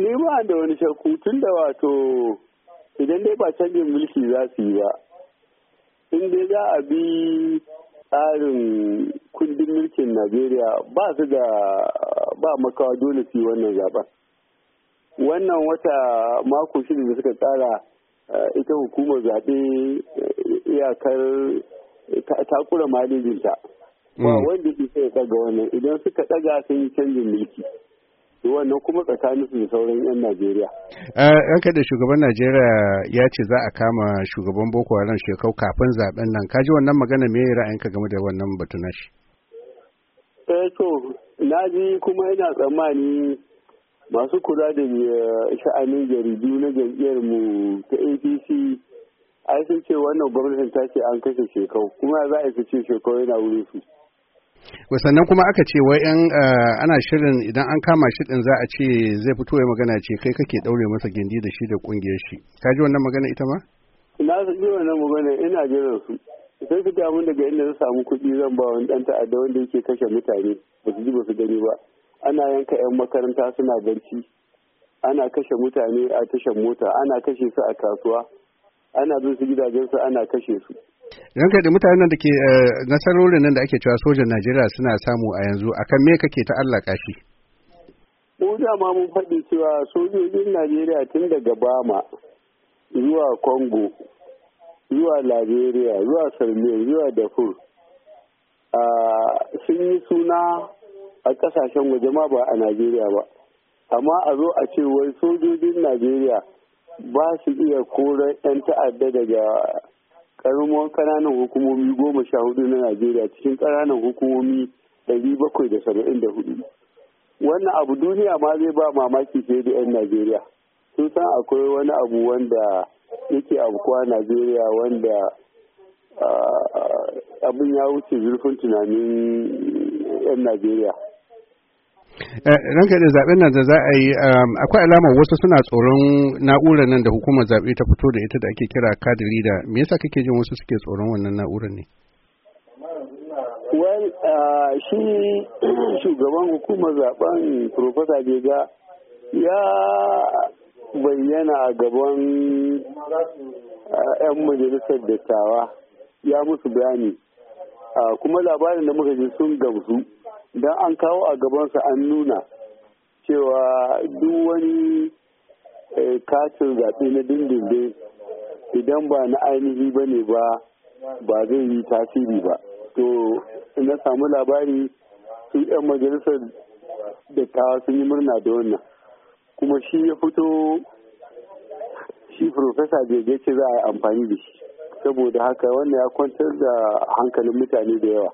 ni eh, ba da wani shakku tun da wato idan dai ba canjin mulki za su yi ba in dai za a bi tsarin kundin mulkin najeriya ba su da ba makawa dole su yi wannan zaben wannan wata mako shida da suka tsara eh, ita hukumar zaɓe eh, iyakar takura malibinta ba hmm. wanda ke sai ya tsaga wannan idan suka tsaga sun yi canjin mulki wannan kuma tsakanin su sauran 'yan Najeriya. Ranka eh, da shugaban Najeriya ya ce za a kama shugaban Boko Haram shekau kafin zaben nan. Ka ji wannan magana me ra'ayinka game da wannan batu na shi? Eh na ji kuma yana tsammani masu kula da eh, sha'anin jaridu na jam'iyyar mu ta APC ai sun ce wannan gwamnatin ta ce an kashe shekau kuma za a ce shekau yana wurin su. sannan kuma aka ce wai yan eh, ana shirin idan an kama shi din za a ce zai fito ya magana ce kai kake daure masa gindi da shi da kungiyar shi ka ji wannan magana ita ma na ji wannan magana ina jiran su sai su damu daga inda su samu kuɗi zan ba wani ɗan ta'adda wanda yake kashe mutane ba su ji ba su gani ba ana yanka 'yan makaranta suna barci ana kashe mutane a tashar mota ana kashe su a kasuwa ana bin su gidajensu ana kashe su Idan kai da mutanen da ke eh, nasarorin nan da ake cewa sojan Najeriya suna samu a yanzu akan me kake ta Allah kashi? Mu ma mun faɗi cewa sojojin Najeriya tun daga Bama zuwa Congo zuwa Liberia zuwa Sarmiya zuwa Darfur sun yi suna a ƙasashen waje ma ba a Najeriya ba. Amma a zo a ce wai sojojin Najeriya ba su iya koren 'yan ta'adda daga karamar kananan hukumomi goma sha hudu na najeriya cikin kananan hukumomi ɗari bakwai da saba'in da hudu wannan abu duniya ma zai ba mamaki sai da 'yan najeriya sun san akwai wani abu wanda yake abukuwa najeriya wanda ah, abin ya wuce zurfin tunanin 'yan najeriya Eh, ranka da zaben nan da za a yi um, akwai alama wasu suna tsoron na'urar nan da hukumar zaɓe ta fito da ita da ake kira card reader me yasa kake jin wasu suke tsoron wannan na'urar ne well uh, shi shugaban hukumar zaben Profesa Bega ya bayyana a gaban uh, yan majalisar dattawa ya musu bayani uh, kuma labarin da muka ji sun gamsu don an kawo a gabansa an nuna cewa duk wani eh, katin zaɓe na dindindin idan ba na ainihi ba ne ba ba zai yi tasiri ba to na samu labari su 'yan majalisar da ta sun yi murna da wannan kuma shi ya fito shi profesa jirgin ce za a yi amfani da shi saboda haka wannan ya kwantar da hankalin mutane da yawa